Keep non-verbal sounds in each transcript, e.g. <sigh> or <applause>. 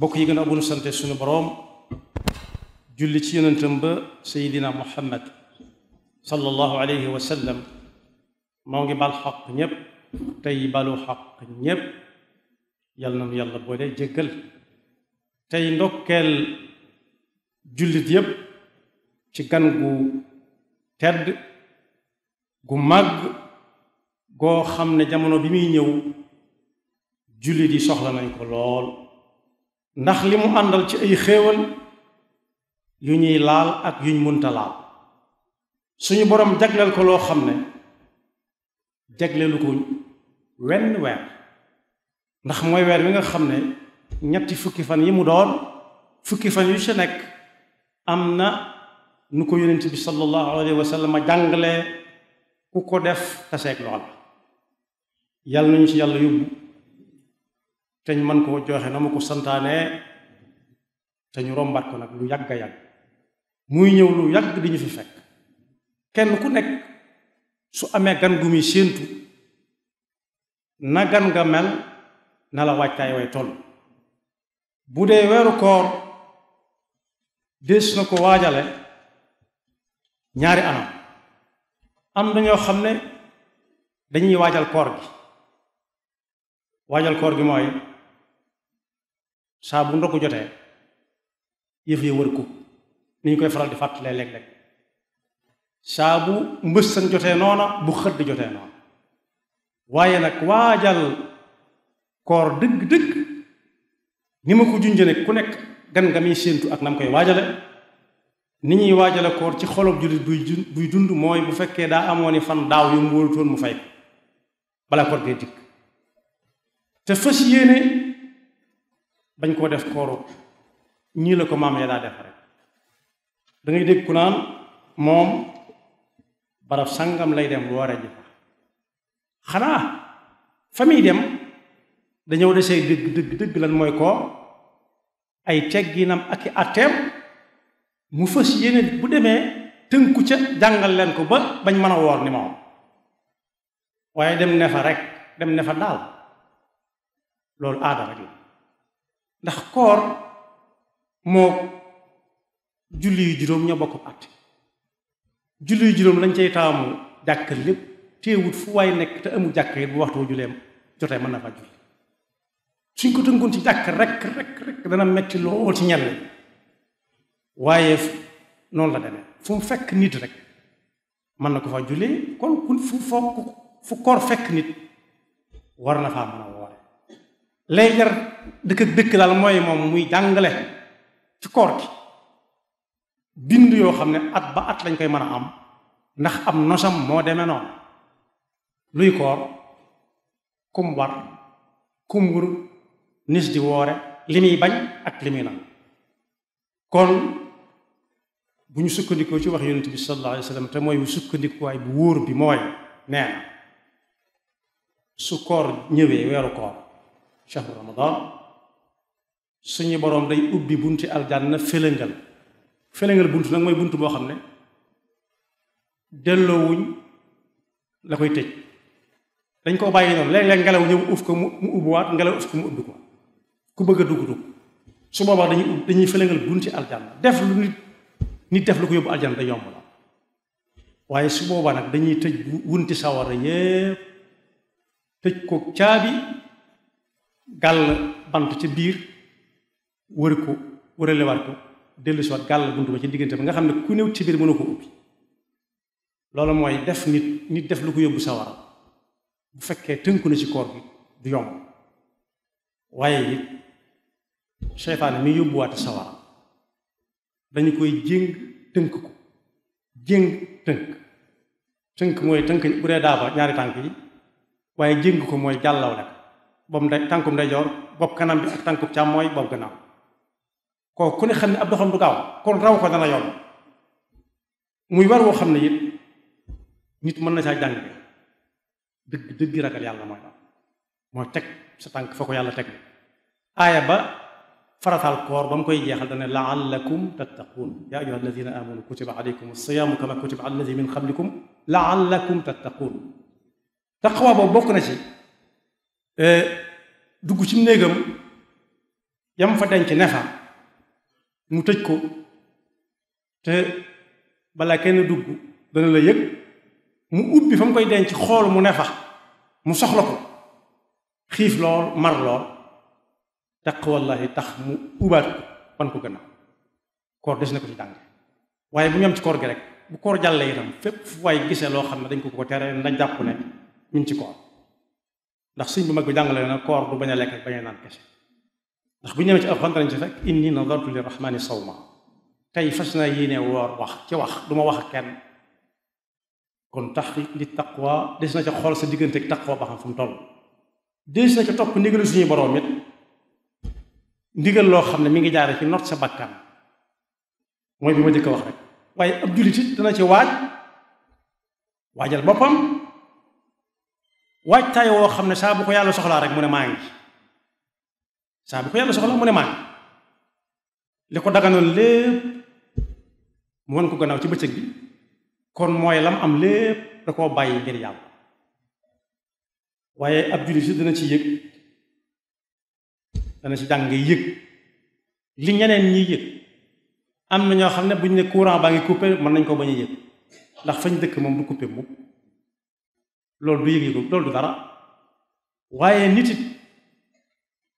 bokk yi gën a abunu sante suñu boroom julli ci yonentam ba sayidina muhammad sallallahu alayhi wa moo ngi bal xaq ñépp tey balu xaq ñépp yal na nu yàlla boole jéggal tey ndokkeel jullit yépp ci gan gu tedd gu mag goo xam ne jamono bi muy ñëw jullit yi soxla nañ ko lool ndax li mu àndal ci ay xéewal yu ñuy laal ak yuñ munta laal suñu boroom jagleel ko loo xam ne jagleelu ko wenn weer ndax mooy weer wi nga xam ne ñetti fukki fan yi mu doon fukki fan yu ci nekk am na nu ko yonent bi sallallahu alayhi wa sallam jàngale ku ko def taseeg lool yàlla nañu ci yàlla yóbbu teñ mën koo joxe na ma ko santaane te ñu rombaat ko nag lu yàgg yàgg muy ñëw lu yàgg di fi fekk kenn ku nekk su amee gan gu muy séentu na gan nga mel na la waajtaay way toll bu dee weeru koor des na ko waajale ñaari anam am dañoo xam ne dañuy waajal koor gi waajal koor gi mooy saa bu ndog jotee yëf yi wër ko ni ñu koy faral di fàttalee léeg-léeg saa bu mbës san jotee noona bu xëdd jotee noona waaye nag waajal koor dëgg-dëgg ni ma ko junjee ku nekk gan nga séentu ak nam koy waajale ni ñuy waajale koor ci xolob jullit buy buy dund mooy bu fekkee daa amoon i fan daaw yu mu mu fay ko koor gee dikk te fas yéene bañ koo def kooru ñii la ko maam daa def rek da ngay dégg ku naan moom barab sangam lay dem lu war fa xanaa fa dem dañoo desee dëgg dëgg dëgg lan mooy koor ay tegginam ak i atteem mu fës yéene bu demee tënku ca jàngal leen ko ba bañ mën a woor ni moom waaye dem ne fa rek dem ne fa daal loolu aada rek ndax koor moo julli yu juróom ñoo bokk at julli yu juróom lañ cay taamu jàkk lépp teewut fu waay nekk te amul jàkk yi bu waxtu juleem jotee mën na fa julli suñ ko tënkoon ci jàkk rek rek rek dana metti lool ci ñenn waaye noonu la demee fu fekk nit rek mën na ko fa jullee kon fu foo fu koor fekk nit war na faa mën a lay jar dëkk ak mooy moom muy jàngale ci koor gi bind yoo xam ne at ba at lañ koy mën a am ndax am nosam moo demee noonu luy koor kum war kum wur nis di woore li muy bañ ak li nag kon bu ñu sukkandikoo ci wax yonent bi sallallahu alayhi wa sallam te mooy sukkandikuwaay bu wóor bi mooy nee na su koor ñëwee weeru koor shahru ramadan suñu boroom day ubbi bunti aljanna félangal félangal bunt nag mooy bunt boo xam ne delloowuñ la koy tëj dañ koo bàyyi noonu léeg-léeg ngelaw ñëw uf ko mu ubbiwaat ngelaw uf ko mu ubbi ko ku bëgg a dugg dugg su boobaa dañuy ub dañuy félangal bunti aljanna def lu nit nit def lu ko yóbbu aljanna day yomb la waaye su boobaa nag dañuy tëj wunti sawara yépp tëj ko caabi gàll bant ci biir wër ko wëralewaat ko dellu si gàll bunt ba ci diggante bi nga xam ne ku néew ci biir mënu ko ubbi loolu mooy def nit nit def lu ko yóbbu sawara bu fekkee tënku na ci koor bi du yomb waaye it seytaane mi yóbbuwaate sawara dañu koy jéng tënk ko jéng tënk tënk mooy tënk bu dee daaba ñaari tànk yi waaye jéng ko mooy jàllaw rek boobu ndey tànkum ndeyjoor bopp kanam bi ak tànkum càmmooy boobu gannaaw kooku ku xam ne ab doxam du gaaw kon raw ko dana yoon muy war woo xam ne it nit mën na saa jàng bi dëgg dëgg ragal yàlla mooy la mooy teg sa tànk fa ko yàlla teg aaya ba faratal koor ba mu koy jeexal dane laallakum tattaquun yaa ayuha alladina amanu kutiba alaykum alsiyaamu kama kutiba ala alladi min qablikum laallakum tattaquun taqwa boobu bokk na ci Euh, dugg ci néegam yam fa denc ne fa mu tëj ko te balaa kenn dugg dana la yëg mu ubbi fa mu koy denc xool mu ne fa mu soxla ko xiif lool mar lool taq wallahi tax mu ubaat ko wan ko gannaaw koor des na ko ci jàng waaye bu ñu am ci koor gi rek bu koor jàllee itam fépp fu gisee loo xam ne dañ ko ko tere na jàpp ne ñu ci koor ndax suñ bu mag bi jàngale na koor bu bañ a lekk bañ a naan kese ndax bu ñu ci alxuraan lañ ci fekk inni nadartu li rahmani sawma tey fas wax ci wax du ma wax ak kenn kon taxqiq li taqwa des na ca xool sa diggante ak taqwa a xam fu mu toll des topp ndigalu suñu boroom it loo xam ne mi ngi jaare ci not sa bakkan mooy bi ma jëkk wax rek waaye jullit it dana ci waaj waajal boppam waajtaay woo xam ne saa bu ko yàlla soxlaa rek mu ne maa ngi saa bu ko yàlla soxlaa mu ne maa ngi li ko daganoon lépp mu won ko gannaaw ci bëccëg bi kon mooy lam am lépp da koo bàyyi ngir yàlla waaye ab jullit si dana ci yëg dana ci jàng yëg li ñeneen ñi yëg am na ñoo xam ne buñ ne courant baa ngi coupé mën nañ ko bañ a yëg ndax fañ dëkk moom du coupé mukk loolu du yëg-yëg loolu dara waaye nit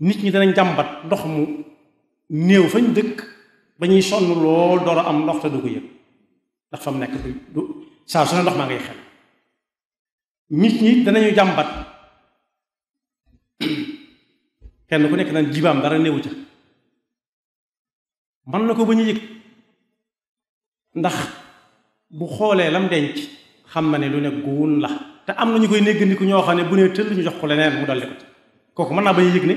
nit ñi danañ jàmbat ndox mu néew fañ dëkk ba ñuy sonn lool door a am ndox te du ko yëg ndax fa mu nekk du saa su ne nit ñi danañu jàmbat <clears throat> kenn ku nekk naan jibaam dara néewu ca man na ko ba ñu yëg ndax bu xoolee lam denc xam na ne lu ne guun la te am na ñu koy néggandiku ñoo xam ne bu nee tëll ñu jox ko leneen mu daldi ko ci kooku mën naa bañ a yëg ne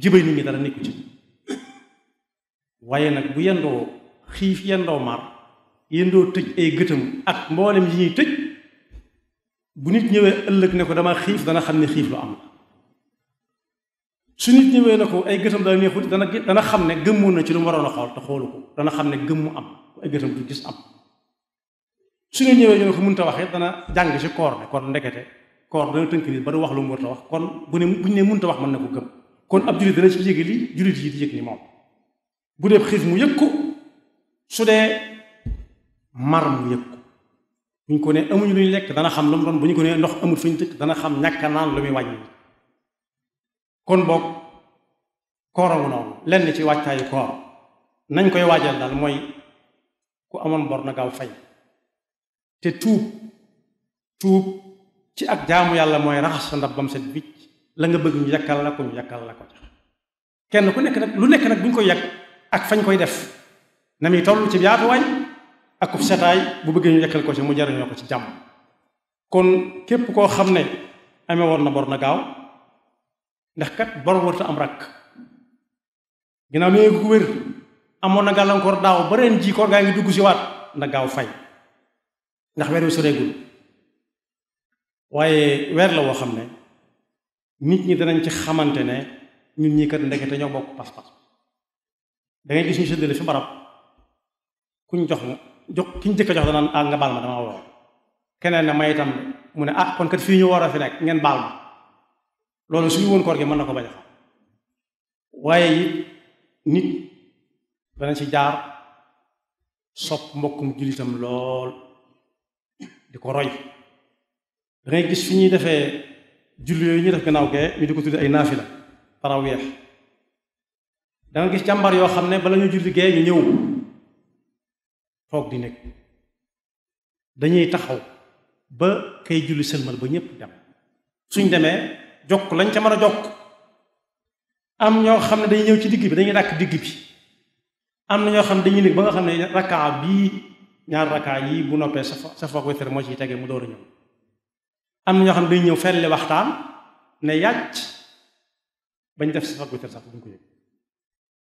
jibay nit ñi dara nekku ci waaye nag bu yendoo xiif yendoo mar yendoo tëj ay gëtam ak mboolem yi ñuy tëj bu nit ñëwee ëllëg ne ko dama xiif dana xam ne xiif lu am la su nit ñëwee ne ko ay gëtam daa neexut dana dana xam ne gëmmoon na ci lu mu waroon xool te xoolu ko dana xam ne gëmmu am ay gëtam du gis am suñu ñëwee ñoo ko mënta waxee dana jàng ci koor ne kon ndekete koor dana tënk nit ba du wax lu mu war a wax kon bu ne bu ñu ne mënta wax mën na ko gëm kon ab jullit dana ci yëg li jullit yi di yëg ni bu dee dee mar mu ko ne amuñu lu lekk dana xam lu mu doon bu ñu ko ne ndox amul fi ñu dana xam ñàkk naan lu muy wàññi kon boog kooramu noonu lenn ci wàccaayu koor nañ koy waajal daal mooy ku amoon bor na gaaw fay te tuub tuub ci ak jaamu yàlla mooy raxas sa ndab bam set bicc la nga bëgg ñu yàkkal la ko ñu yàkkal la ko kenn ku nekk nag lu nekk nag bu ñu koy yàq ak fañ koy def na mi toll ci yaatuwaay ak ub setaay bu bëggee ñu yàkkal ko ci mu jariñoo ko ci jàmm kon képp koo xam ne amee woon na bor na gaaw ndax kat bor warta am rakk ginnaaw nee ko wér amoon na gàllankoor daaw ba ren ji koor gaa ngi dugg si waat na gaaw fay ndax weer wi soreegul waaye weer la woo xam ne nit ñi danañ ci xamante ne ñun ñii kat ndekete ñoo bokk pas-pas da ngay gis ñu séddale fi barab kuñ jox mu kiñ jëkk jox danaan ah nga baal ma dama woor keneen na may itam mu ne ah kon kat fii ñu war a fi nekk ngeen baal ma loolu suñu woon koor gi mën na ko bañ a waaye it nit danañ ci jaar sopp mbokkum jullitam lool di ko roy da ngay gis fi ñuy defee julli yooyu ñuy def gannaaw gee ñu di ko tudde ay naafila taraweex da nga gis càmbar yoo xam ne bala ñu julli gee ñu ñëw toog di nekk dañuy taxaw ba kay julli sëlmal ba ñépp dem suñ demee jokk lañ ca mën a jokk am ñoo xam ne dañuy ñëw ci digg bi dañuy dàkk digg bi am na ñoo xam ne dañuy nekk ba nga xam ne rakkaa bii ñaar rakkaa yii bu noppee sa sa foog moo ciy tegee mu door a ñëw am na ñoo xam ne day ñëw felli waxtaan ne yàcc bañ def sa foog wétar sax duñ ko yëg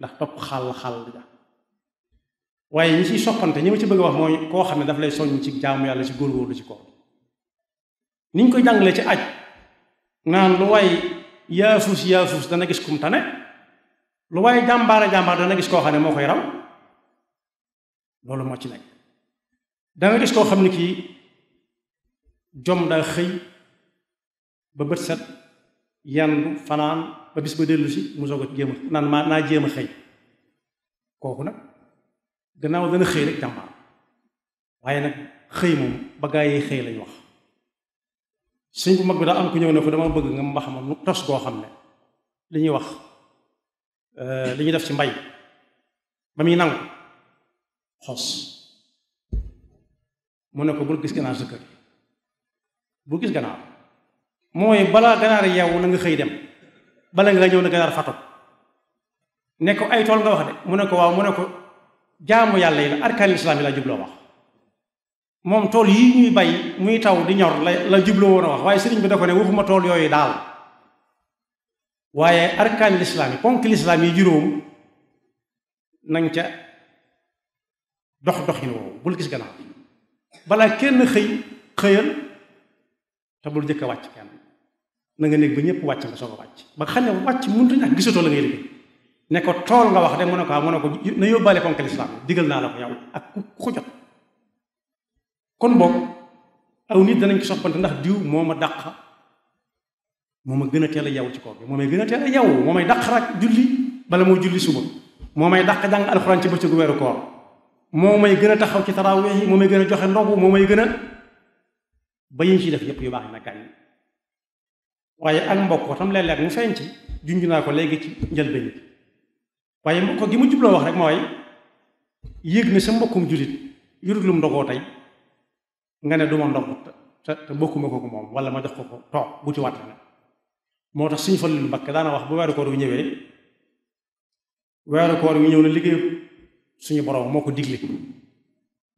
ndax topp xàll xàll ja waaye ñi ciy soppante ñi ci bëgg a wax mooy koo xam ne daf lay soññ ci jaamu yàlla ci góorgóorlu ci ko niñ ko jàngalee ci aj naan lu waay yaafus yaafus dana gis kum tane lu waay jàmbaara jàmbaar dana gis koo xam ne moo koy raw loolu moo ci nekk danga gis koo xam ne kii jom daa xëy ba bët set yandu fanaan ba bis ba dellu si mu soog a jéem a naa jéem a xëy kooku nag gannaaw dana xëy rek jàmbaar waaye nag xëy moom ba gaa yi xëy lañ wax suñ bu mag bi daa am ku ñëw ne ko dama bëgg nga mbax ma mu tos goo xam ne li ñuy wax euh, li ñuy def si mbay ba muy nangu xos mu ne ko bul gis ganaar sa kër bul gis ganaar mooy balaa ganaar yow na nga xëy dem bala nga ñëw na ganaar fatu ne ay tool nga wax de mu ne ko waaw mu ne ko jaamu yàlla yi la arkaani islam yi la jubloo wax moom tool yi ñuy bay muy taw di ñor la la jubloo woon wax waaye sëriñ bi da ko ne waxuma tool yooyu daal waaye arkaani lislaam yi ponk lislaam yi juróom nañ ca dox doxin woowu bul gis gannaaw balaa kenn xëy xëyal te bul njëkk a wàcc kenn na nga nekk ba ñëpp wàcc nga soog a wàcc ba xam ne wàcc mënut a ñàkk gisatoo la ngay liggéey ne ko tool nga wax de mu ne ko ah, mu ko na yóbbaale ponk lislaam digal naa la ko ak ku ko jot kon boog nit danañ ko soppante ndax diw moo ma dàq moo ma gën a teel a yow ci kaw bi moo may gën a teel yow moo may dàq rak julli bala moo julli suba moo may dàq jàng alxuraan ci bëccëgu weeru koor moo may gën a taxaw ci tarawih yi moo may gën a joxe ndogu moo may gën a ba yiñ ci def yépp yu baax na gàññ waaye ak mbokk tam léeg-léeg mu feeñ ci junj naa ko léegi ci njëlbéen bi waaye mbokk gi mu jubloo wax rek mooy yéeg ne sa mbokkum jullit yurut lu mu ndogoo tey nga ne du ma ndog te te bokkuma ko moom wala ma jox ko ko toog bu ci waat na moo tax suñu Fallu Mbakke daana wax bu weeru koor wi ñëwee weeru koor wi ñëw na liggéey suñu borom moo ko digle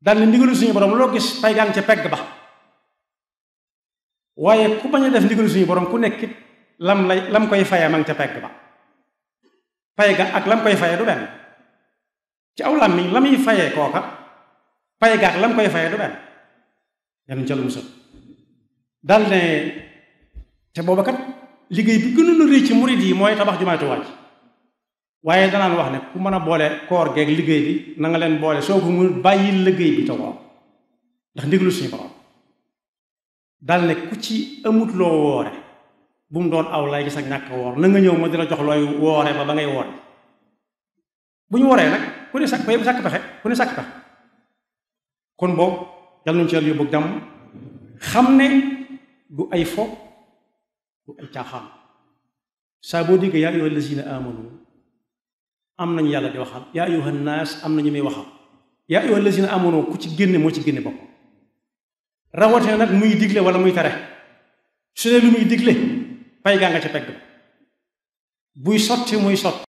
daal ne ndigalu suñu borom loo gis pay gaa ngi ca pegg ba waaye ku bañ a def ndigalu suñu borom ku nekkit lam lay lam koy fayee ma ngi ca pegg ba fay ga ak lam koy faye du benn ci aw làmmiñ la muy fayee kooka fay ga ak lam koy faye du benn yanuñ ca lu musal dal ne te booba kat liggéey bi gënoon a rëy ci murid yi mooy tabax jumaay Tuubaa waaye danaan wax ne ku mën a boole koor geeg liggéey bi nanga leen boole soo ko mu bàyyi liggéey bi te woor ndax ndiglu suñu borom dal ne ku ci amut loo woore bu mu doon aw lay gis ak ñàkk woor na ñëw ma dina jox looy woore ba ba ngay woore bu ñu woree nag ku ne sàkk pexe sàkk pexe ku ne sàkk xam ne du ay fo du ay caaxaan saa am nañu yàlla di waxal yaa ayuha naas am ñu muy waxal yaa ayuha lazina amono ku ci génne moo ci génne bopp rawatina nag muy digle wala muy tere su dee lu muy digle fay gaa nga ca pegg buy sotti muy sotti